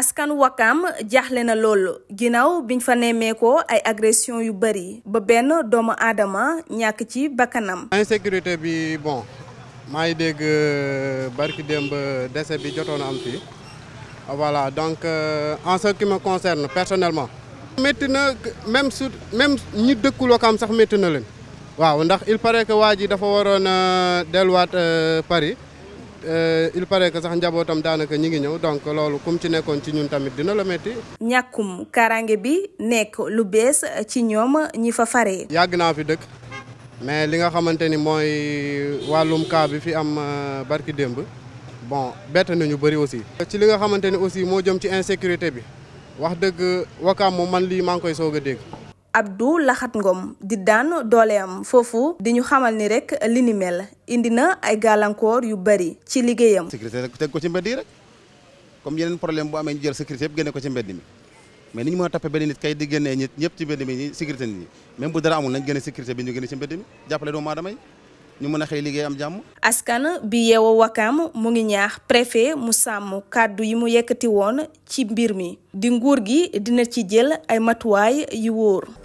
askan wakaam jaaxle na lool ginnaaw biñ fa nemmeekoo ay agression yu bëri ba benn doomu aadama ñàkk ci bakkanam insécurité bi bon maa ngi dégg euh, barki démb décès bi jotoon am ah, voilà donc euh, en ce qui me concerne personnellement métti na même su même ñi dëkku Wakaam sax métti na leen waaw ndax il paraît que waa ji dafa waroon a euh, delluwaat euh, Paris euh, il paraît que sax njabootam daanaka ñi ngi ñëw donc loolu kum ci nekkoon ci ñun tamit dina la métti. ñàkkum kaaraange bi nekk lu bees ci ñoom ñi fa fare. yàgg naa fi dëkk mais li nga xamante ni mooy wàllum kaa bi fi am barki démb bon bett nañu bëri aussi. ci li nga xamante ni aussi moo jëm ci insécurité bi wax dëgg wakaam moom man lii maa ngi koy soog a dégg. Abdou Lahat Ngom di daan am foofu di ñu xamal ni rek li ni mel indi na ay gàllankoor yu bari ci liggéeyam. sécurité teg ko ci mbedd yi rek comme yeneen problème bu amee ñu jël sécurité yëpp génne ko ci mbedd mais ni ñu mën a toppee benn nit kay di génnee nit ñëpp ci mbedd mi ñi sécurité nit ñi même bu dara amul nañ génne sécurité bi ñu génne ci mbedd mi jàppale doomu aadama ñu mën a xëy liggéey am jàmm. askan bi yeewoo Wakaam mu ngi ñaax préfet mu sàmm kàddu yi mu yëkkati woon ci mbir mi di nguur gi dina ci jël ay matuwaay yu wóor.